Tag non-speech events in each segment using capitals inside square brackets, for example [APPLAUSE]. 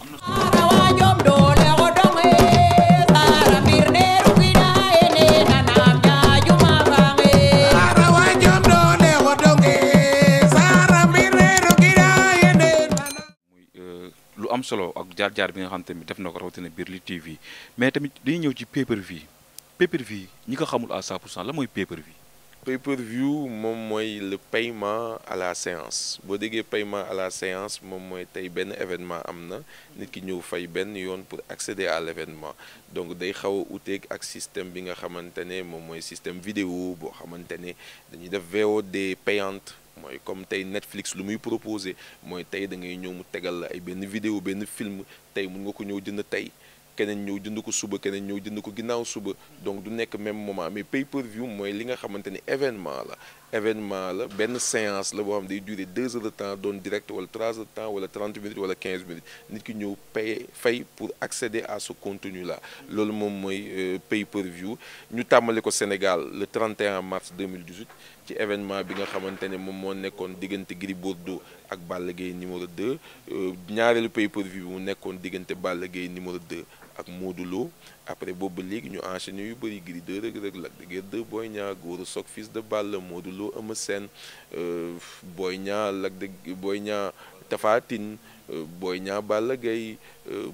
Euh, lu am solo ak jaar-jaar bi nga xam tamit def na ko rawatina biir li TV mais tamit dañuy ñëw ci pay-per-view ñi ko xamul à 100 pour cent mooy pay per pay-per-view moom mooy le paiement à la séance Vous déggee paiement à la séance Mon mooy tey ben événement amna, na nit ki ñëw fay benn pour accéder à l'événement donc day xaw a ak système bi nga xamante ne moom système vidéo bo xamante ne dañuy def VOD payante mooy comme tey Netflix lu muy proposé mooy tey da ngay ñëw mu tegal ay benn vidéo ben film tey mon nga ko ñëw jënd tey keneen ñëw jënd ko suba keneen ñëw jënd ko ginnaaw suba donc du nekk même moment mais pay per view c'est li nga xamante événement la événement la benn séance la boo durer deux heures de temps doon direct wala trois heures de temps wala 30 minutes wala 15 minutes nit ki ñëw paye fay pour accéder à ce contenu là loolu moom mooy euh, pay per view ñu tàmmali au Sénégal le 31 mars 2018 ci événement bi nga xamante mom mo nekkone nekkoon diggante Gris Bordeaux ak Balla numéro 2 euh, ñaareelu pay per view bi mu nekkone diggante Balla numéro 2 ak Modou Lo après boobu ba léegi ñu enchaîné yu bëri Gris de Guiers 2 Boy Niang Gora Sock Fils de Balla modulo Lo sen Sène euh, Boy Niang Lac de Boy Niang Tapha Tine euh, Boy Niang Balla Gaye euh,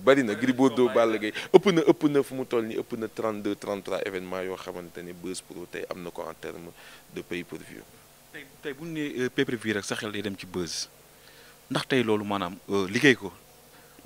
bari na Gris Bordeaux Balla Gaye ëpp na ëpp na fu mu toll nii ëpp na 32 33 événements yoo xamante ne Buzz Pro tey am na ko en terme de pay-per-view. tey tey bu ñu nee pay-per-view rek sa xel day dem ci Buzz ndax ko.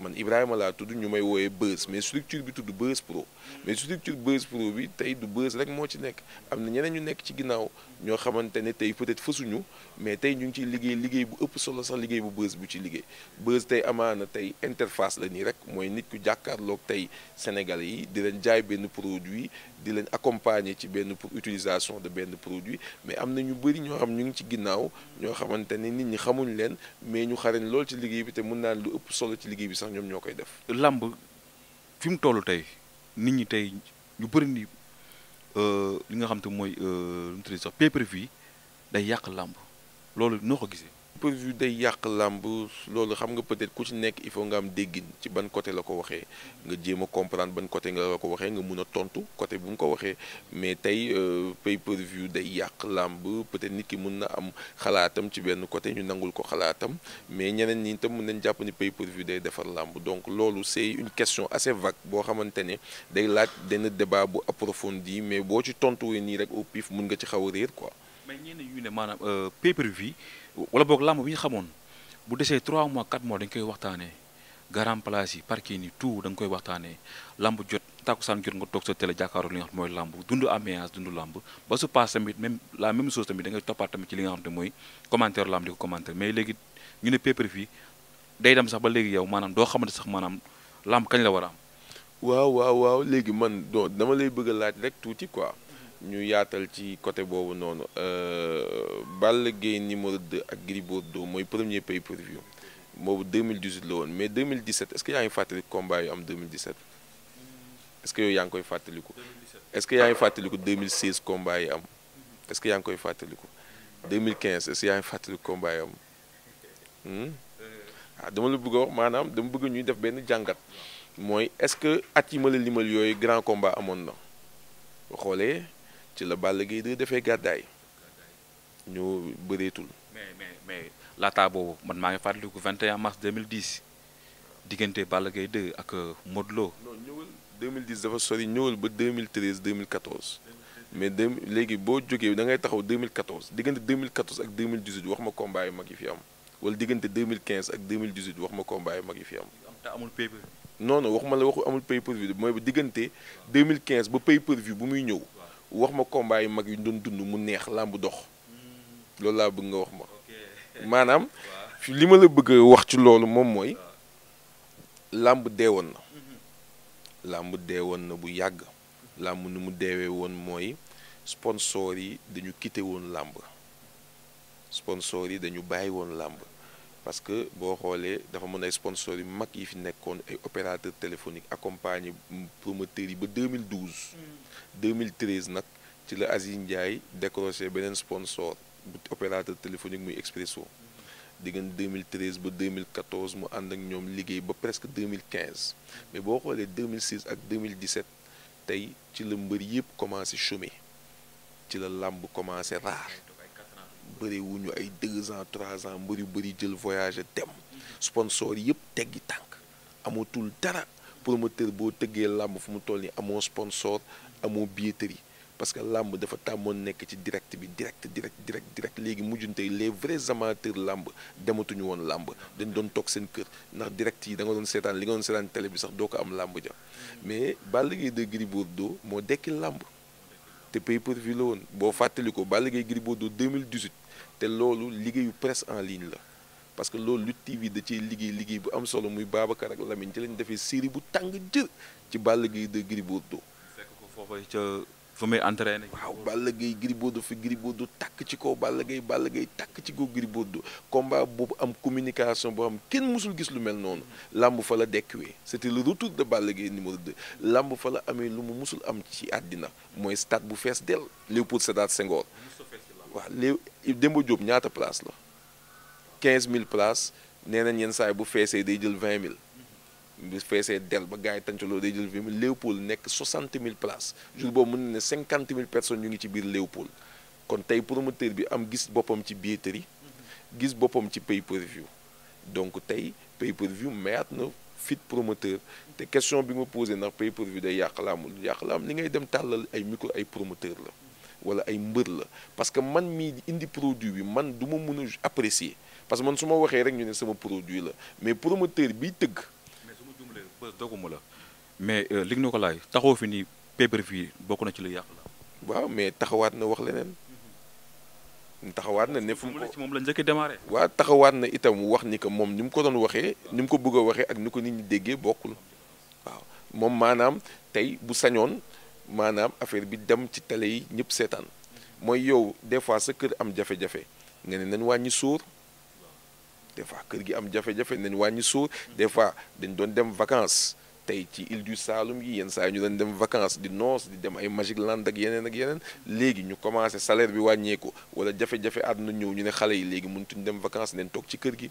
man Ibrahima laa tudd ñu may wooyee Buzz mais structure bi tudd Buzz Pro mais structure Buzz Pro bi tey du Buzz rek moo ci nekk am na ñeneen ñu nekk ci ginnaaw ñoo xamante ne tey peut-être fësuñu mais tey ñu ngi ciy liggéey liggéey bu ëpp solo sax liggéey bu bës bu ci liggéey bës tey amaana tey interface la nii rek mooy nit ku jàkkaarlook tey Sénégalais yi di leen jaay benn produit di leen accompagner ci benn pour utilisation de benn produit mais am na ñu bëri ñoo xam ñu ngi ci ginnaaw ñoo xamante ne nit ñi xamuñ leen mais ñu xarañ lool ci liggéey bi te mën naa lu ëpp solo ci liggéey bi sax ñoom ñoo koy def. làmb fi mu toll tey nit ñi tey ñu bëri nii. Euh, li nga xam te mooy euh, lu mu tudd day yàq làmb loolu noo ko gisee. pay de view day yàq làmb loolu xam nga peut-être ku ci nek il faut nga am déggin ci ban côté la ko waxee nga jéem comprendre ban côté nga la ko waxee nga mëna tontu côté bu ko waxé mais tay euh, pay-per-view de yak làmb peut-être nit ki mëna am xalaatam ci ben côté ñu nangul ko xalaatam mais ñeneen ñi tam mëna nañ jàpp ni pay-per-view day défar làmb donc loolu c'est une question assez vague bo xamantene day laaj den débat bu approfondi mais bo ci tontuwee ni rek au pif mëna nga ci xaw a quoi. mais ñenn ñu ne maanaam euh, pay per boog làmb bi ñu xamoon bu desee 3 mois 4 mois dañ koy waxtaanee garam place yi parking yi tout da nga koy waxtaanee làmb jot tàkkusaan jot nga toog sa télé jàkkaaroo li nga mooy làmb dund ambiance dund làmb ba su passe tamit même la même chose tamit da ngay toppaat tamit ci li nga xam te mooy commentaire làmb di ko commentaire mais léegi ñu ne pay per day dem sax ba léegi yow maanaam doo xamante sax maanaam làmb kañ la war a am. waaw waaw waaw léegi man doo dama lay bëgg laaj rek tuuti quoi. ñu yaatal ci côté boobu noonu euh, Balla Gaye numéro 2 ak Gris Bordeaux mooy premier pay-per-view boobu 2018 la woon mais 2017 est-ce que yaa ngi fàttaliku combat am 2017 est-ce que yooyu yaa ngi koy fàttaliku. est-ce que yaa ngi fàttaliku 2016 combat yi am est que yaa ngi koy fàttaliku 2015 est-ce que yaa ngi fàttaliku combat yi am hmm? ah, dama la bëgg maanaam dama bëgg ñuy def benn jàngat mooy est-ce que at yi ma la limal yooyu grand combat amoon na xoolee. ci la balle Gaye di defé gaday ñu bëreetul. mais mais mais laataa boobu man maa ngi fàttaliku 21 mars 2010 diggante balle Gaye 2 ak modlo non ñëwal 2010 dafa sori ñëwal ba 2013 2014 mais dem légui bo joggé da ngay taxaw 2014 diggante 2014 ak 2018 wax ma combat yu magi fi am wala diggante 2015 ak 2018 wax ma combat yu magi fi am. te amul paper non non waxuma la waxu amul pay per view moy ba diggante 2015 ba pay per view bu muy ñëw. wax ma combat yu mag yu doon dund mu neex làmb dox loolu laa bëgg nga wax ma maanaam [LAUGHS] li ma la bëgg wax ci loolu moom mooy làmb deewoon na làmb deewoon na bu yàgg làmb nu mu deewee woon mooy sponsor yi dañu quitté woon làmb sponsor yi dañu bàyyi woon làmb parce que bo xolé dafa mën sponsor, sponsors yu mag yi fi ay opérateurs téléphoniques accompagné 2012. 2013 nak ci la Aziz Ndiaye décroché sponsor opérateur téléphonique Expresso. En 2013 ba 2014 mu and ak ñom liggéey ba presque 2015 mais en xolé 2006 ak 2017 tay ci à mbeur yépp commencé chômer ci la lamb commencé rare bëri wuñu ay 2 ans 3 ans mbëri bëri jël voyage dem sponsor yëpp teggi tank amatul dara promoteur bo tëggee lamb fu mu toll ni sponsor amo billetterie parce que lamb dafa tàmmoon nek ci direct bi direct direct direct direct légui mujunte les vrais amateurs làmb dematuñu won lamb dañ doon tok seen kër ndax direct yi da nga doon sétane li nga doon sétane télé bi sax doko am lamb ja mais balle Gaye de Gris mo moo lamb te pay per woon boo fàttali ko Balla Gaye Gris Bordeaux 2018 te loolu liggéeyu presse en ligne la parce que loolu Lutte TV da ciy liggéey liggéey bu am solo muy Babacar ak Lamine ci lañ defee série bu tàng jër ci Balla Gaye de Gris do fekk ko foofa ca fa muy entraîné. waaw Balla Gaye Gris Bordeaux fi Gris Bordeaux takk ci kaw ball Gaye Balla Gaye tàkk ci kaw Gris Bordeaux combat boobu am communication boo xam kenn mësul gis lu mel noonu làmb fa la dekkwee c'était le retour de Balla Gaye numéro 2 làmb fa la amee lu mu mosul am ci àddina mooy stade bu fees dell pour Sédar Senghor waaw léew Demba Diop ñaata place la mille place nee nañ yenn saay bu feesee day jël 20000 bu feesee del ba gars yi lo day jël film Léopold nekk 60 000 places jour bo mën na 50 000 personnes ñu ngi ci biir Léopold kon tay promoteur bi am gis bopam ci billetterie gis bopam ci pay-per-view donc tay pay-per-view mayaat na fit promoteur te question bi ma poser nak pay-per-view day yàq laamu yàq laam ni ngay dem talal ay micro ay promoteur la wala ay mbeur la parce que man mi indi produit bi man duma ma apprécier parce que man suma waxé rek ñu né sama produit la mais promoteur bi teug doguma la mais euh, li ñu ko laaj taxaw fi nii pay per bokk na ci lu yàq la. waaw mais taxawaat na wax leneen. taxawaat na ne fu mu ko moom la njëkk a démarré. waaw taxawaat na itam wax ni ko moom ni mu ko doon waxee ni mu ko bëgg a waxee ak ni ko nit ñi déggee bokkul waaw moom maanaam tey bu sañoon maanaam affaire bi dem ci télé yi ñëpp seetaan mooy yow des fois sa kër am jafe-jafe nga ne nañ wàññi suur. des fois kër gi am jafe-jafe nañ wàññi soo des fois dañ doon dem vacances tey ci île du Saloum yi yenn saa yi ñu doon dem vacances di noos di dem ay Magic Land ak yeneen ak yeneen léegi ñu commencé salaire bi wàññeeku wala jafe-jafe àdduna ñëw ñu ne xale yi léegi mëntuñ dem vacances nañ toog ci kër gi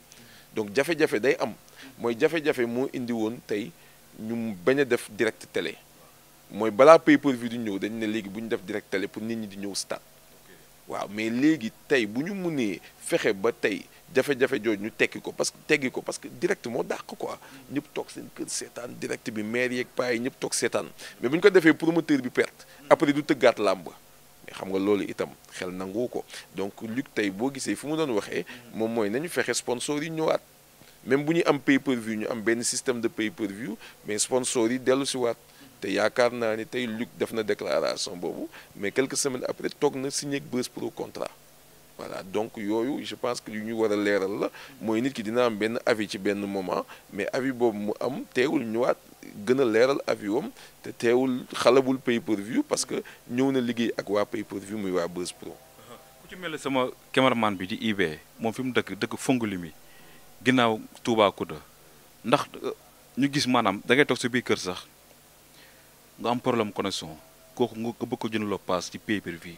donc jafe-jafe day am mooy jafe-jafe moo indi woon tey ñu bañ a def direct télé mooy balaa pay per view di ñëw dañ ne léegi bu ñu def direct télé pour nit ñi di ñëw stade waaw mais léegi tey bu ñu mënee fexe ba tey. jafe-jafe jooju ñu tekki ko parce que teggi ko parce que direct moo dàq quoi ñëpp toog seen kër seetaan direct bi maire yeeg paa yi ñëpp toog seetaan mais bu ñu ko defee promoteur bi perte après du tëggaat làmb mais xam nga loolu itam xel nangu ko donc Luc tey boo gisee fu mu doon waxee moom mooy nañu fexe sponsor yi ñëwaat même bu ñu am pay per ñu am benn système de pay per view mais sponsor yi dellu si waat te yaakaar naa ni tey Luc def na déclaration boobu mais quelques semaines après toog na signé ak Beuz Pro voilà donc yoyu je pense que ñu wara léral la moy nit ki dina am ben avis ci ben moment mais avis bobu mu am téwul ñu gën gëna léral avis am te teewul xalabul pay per view parce que ñëw na liggéey ak wa pay per view muy wa Buzz Pro. ku ci mel sama cameraman bi di IB moom fi mu dëkk dëkk Fongolimi touba Toubacouta ndax euh, ñu gis manam da ngay tok ci biir kër sax nga am problème connexion kooku nga bëgg ko jëndaloo paas ci pay per view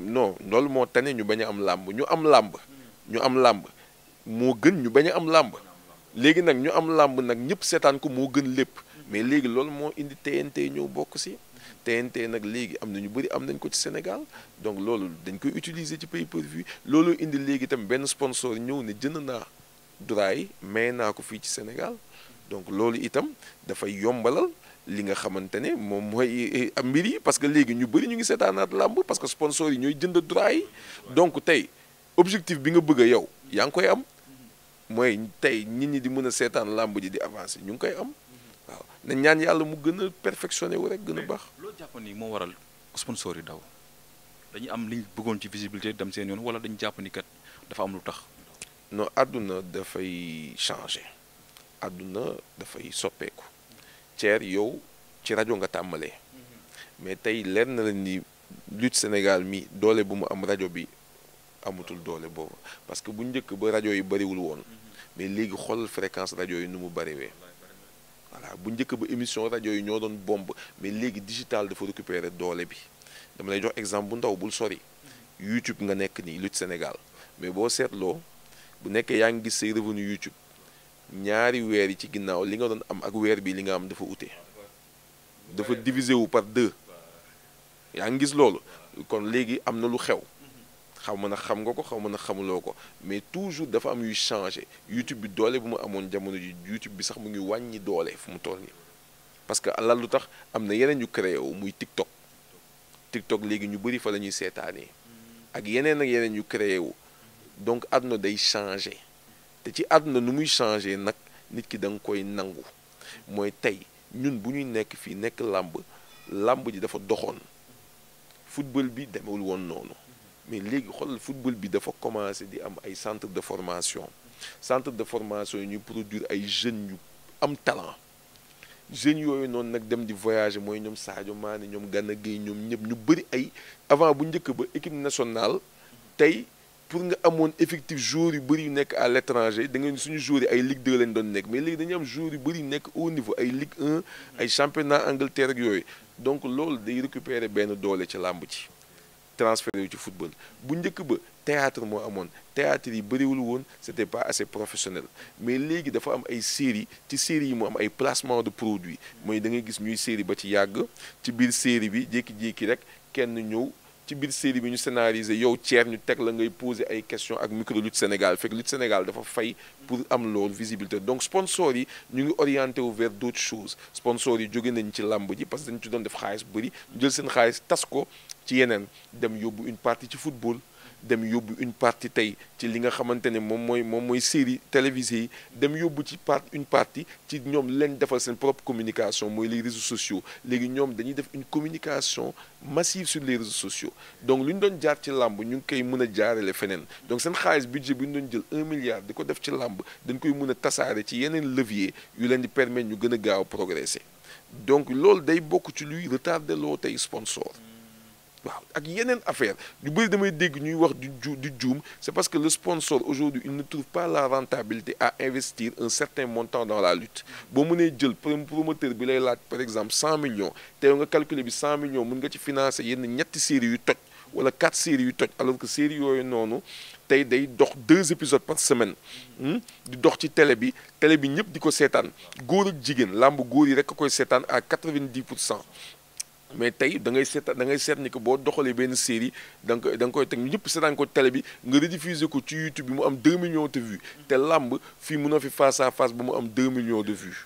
non loolu moo tane ñu bañ a am làmb ñu am làmb ñu am làmb moo gën ñu bañ a am làmb léegi nag ñu am làmb nag ñëpp seetaan ko moo gën lépp mais léegi loolu moo indi TNT ñëw bokk si TNT nag léegi am na ñu bëri am nañ ko ci Sénégal donc loolu dañ koy utiliser ci pay-per-view loolu indi léegi tam benn sponsor ñëw ne jën naa droit yi may naa ko fii ci Sénégal donc loolu itam dafay yombalal li nga xamante ne moom mooy eh, am mbir yi parce que léegi ñu bëri ñu ngi seetaanaat làmb parce que sponsor yi ñooy jënd droit yi donc tey objectif bi nga bëgg yow yaa ngi koy am mooy tey nit ñi di mën a seetaan làmb ji di avancer ñu ngi koy am waaw na ñaan yàlla mu gën a perfectionné wu rek gën a baax. loolu jàpp ni moo waral sponsor yi daw dañu am liñ bëggoon ci visibilité dem seen yoon wala dañu jàpp kat dafa am lu tax. no àdduna dafay changé àdduna dafay soppeeku. ceer yow ci rajo nga tàmbalee mm-hmm. mais tey leer na la ni lutte Sénégal mi doole bu mu am rajo bi amatul doole boobu parce que bu njëkk ba rajo yi bariwul woon mm-hmm. mais léegi xoolal fréquence rajo yi nu mu bëriwee voilà bu njëkk ba émission rajo yi ñoo doon bomb mais léegi digital dafa récupérer doole bi dama lay jox exemple bu ndaw bul sori mm-hmm. YouTube nga nekk nii lutte Sénégal mais boo seetloo bu nekkee yaa ngi gis say revenu YouTube ñaari weer yi ci ginnaaw li nga doon am ak weer bii li nga am dafa ute dafa divisé wu par deux yaa ngi gis loolu kon léegi am na lu xew xaw ma na xam nga ko xaw ma na xamuloo ko mais toujours dafa am yu changé YouTube bi doole bu mu amoon jamono ji YouTube bi sax mu ngi wàññi doole fu mu toll nii parce que lan lu tax am na yeneen yu créé wu muy TikTok TikTok léegi ñu bëri fa la ñuy seetaanee ak yeneen ak yeneen yu créé wu donc àdduna day changé. te ci àdduna nu muy changé nag nit ki dang koy nangu moy tay ñun bu ñuy nekk fi nekk lamb lamb ji dafa doxoon football bi demewul woon noonu mais léegi xoolal football bi dafa commencé di am ay centre de formation centre de formation ñu produire ay jeunes ñu am talent jeunes yooyu noonu nag dem di voyager mooy ñoom Sadio Mané ñoom Gana Gueye ñoom ñëpp ñu bëri ay avant bu njëkk ba équipe nationale tey pour nga amoon effective jour yu bëri yu nekk à l' étranger suñu joueurs yi ay Ligue 2 lañ doon nekk mais léegi dañu am joueurs yu bëri yu nekk au niveau ay Ligue 1 ay championnat Angleterre ak yooyu donc loolu day récupérer benn doole ci làmb ci transfert yu ci football bu njëkk ba théâtre moo amoon théâtre yi bëriwul woon c' était pas assez professionnel mais léegi dafa am ay série ci série yi mu am ay placement de produit mooy da ngay gis ñuy série ba ci yàgg ci biir série bi jékki-jékki rek kenn ñëw ci biir série bi ñu scénariser yow Thierre ñu teg la ngay poser ay questions ak micro lutte Sénégal fekk lutte Sénégal dafa fay pour am loolu visibilité donc sponsors yi ñu ngi orienté wu vers d'autres choses sponsors yi jóge nañ ci lamb ji parce que dañ ci doon def xaalis bëri jël seen xaalis tas ko ci yeneen dem yóbbu une partie ci football dem yóbbu une partie tey ci li nga xamante ne moom mooy moom mooy série télévisée yi dem yóbbu ci part une partie ci ñoom leen defal seen propre communication mooy les réseaux léegi ñoom dañuy def une communication massive sur les réseaux sociaux donc lu ñu doon jaar ci làmb ñu ngi koy mën a jaarale feneen donc seen xaalis budget bi ñu doon jël un milliard di ko def ci làmb dañ koy mën a tasaare ci yeneen levier yu leen di permettre ñu gën a gaaw progresser donc loolu day bokk ci luy retarder loo tey sponsor il y a une affaire Du bruit de dégg ñuy wax du c'est parce que le sponsor aujourd'hui il ne trouve pas la rentabilité à investir un certain montant dans la lutte Si vous un promoteur bi lay par exemple 100 millions vous nga calculer 100 millions mën nga ci financer yenn séries yu toj wala quatre séries yu alors que série YouTube, noonu tay day dox deux épisodes par semaine hmm? di dox ci télé bi télé bi ñëpp diko sétane ak jigen yi rek koy à 90 mais tey da ngay seet da ngay seet ni ko boo doxalee benn série da nga koy da nga teg ñëpp seetaan ko télé bi nga rediffuser ko ci YouTube bi mu am 2 millions de vues mm. te làmb fii mun na fi face à face ba mu am 2 millions de vues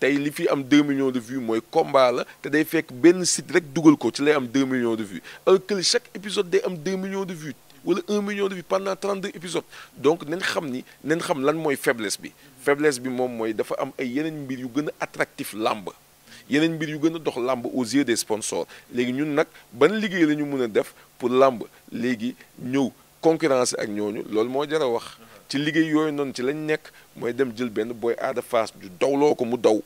tey li fi am 2 millions de vues mooy combat la te day fekk benn site rek dugal ko ci lay am deux millions de vues alors que chaque épisode day am 2 millions de vues wala 1 million de vues pendant 32 épisodes donc nañ xam ni nañ xam lan mooy faiblesse bi faiblesse bi moom mooy dafa am ay yeneen mbir yu gën a attractif làmb yeneen mbir yu gën a dox làmb aux yeux des sponsors léegi ñun nag ban liggéey la ñu mën a def pour làmb léegi ñëw concurrence ak ñooñu loolu moo jar a wax ci liggéey yooyu noonu ci lañ nekk mooy dem jël benn booy aada faas ju dawloo ko mu daw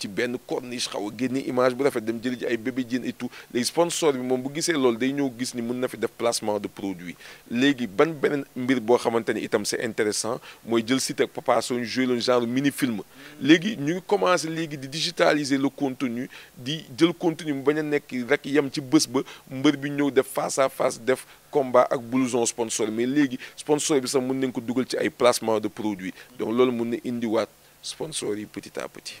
ci benn corniche xaw a génne image bu rafet dem jëli ji ay bébé jën et tout léegi sponsor bi moom bu gisee loolu day ñëw gis ni mën na fi def placement de produit léegi ban beneen mbir boo xamante ni itam c'est intéressant mooy jël site ak Papa Sow ñu joué leen genre mini film léegi ñu ngi commencé léegi di digitaliser le contenu di jël contenu mu bañ a nekk rek yem ci bés ba mbër bi ñëw def face à face def combat ak blouson sponsor mais léegi sponsor bi sax mun nañ ko dugal ci ay placement de produit donc loolu mun na indiwaat sponsor yi petit à petit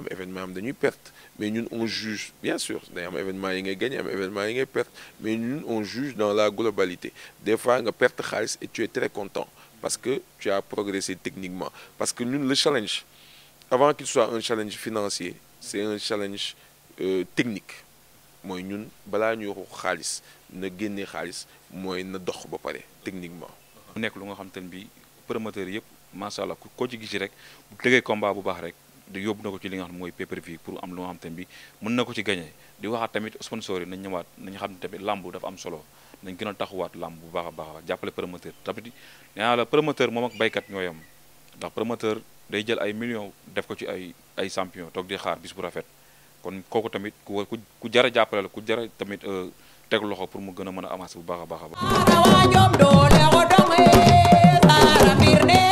un événement am dañuy perte mais ñun on juge bien sûr day événement yi ngay gagné am événement yi ngay perte mais ñun on juge dans la globalité des fois nga perte xaalis et tu es très content parce que tu as progressé techniquement parce que ñun le challenge avant qu'il soit un challenge financier c'est un challenge euh, technique mooy ñun balaa ñuy waxu xaalis na génnee xaalis ne na dox ba pare techniquement. mu nekk lu nga xam te ne bii promoteur yëpp macha allah ko ci gis rek bu combat bu baax rek. di yob nako ci li nga xam moy paper vie pour am lu nga xam te bi mën nako ci gagner di waxaat tamit sponsor yi nañ ñëwaat nañ xam tamit làmb dafa am solo nañ gëna a taxawaat bu baax a baax jàppale promoteur tamit nee la promoteur mom ak baykat ñoyam ndax promoteur day jël ay millions def ko ci ay ay champion tok di xaar bis bu rafet kon koko tamit ku ku jara jàppale ku jara tamit euh, teg loxo pour mu gën a bu baax baax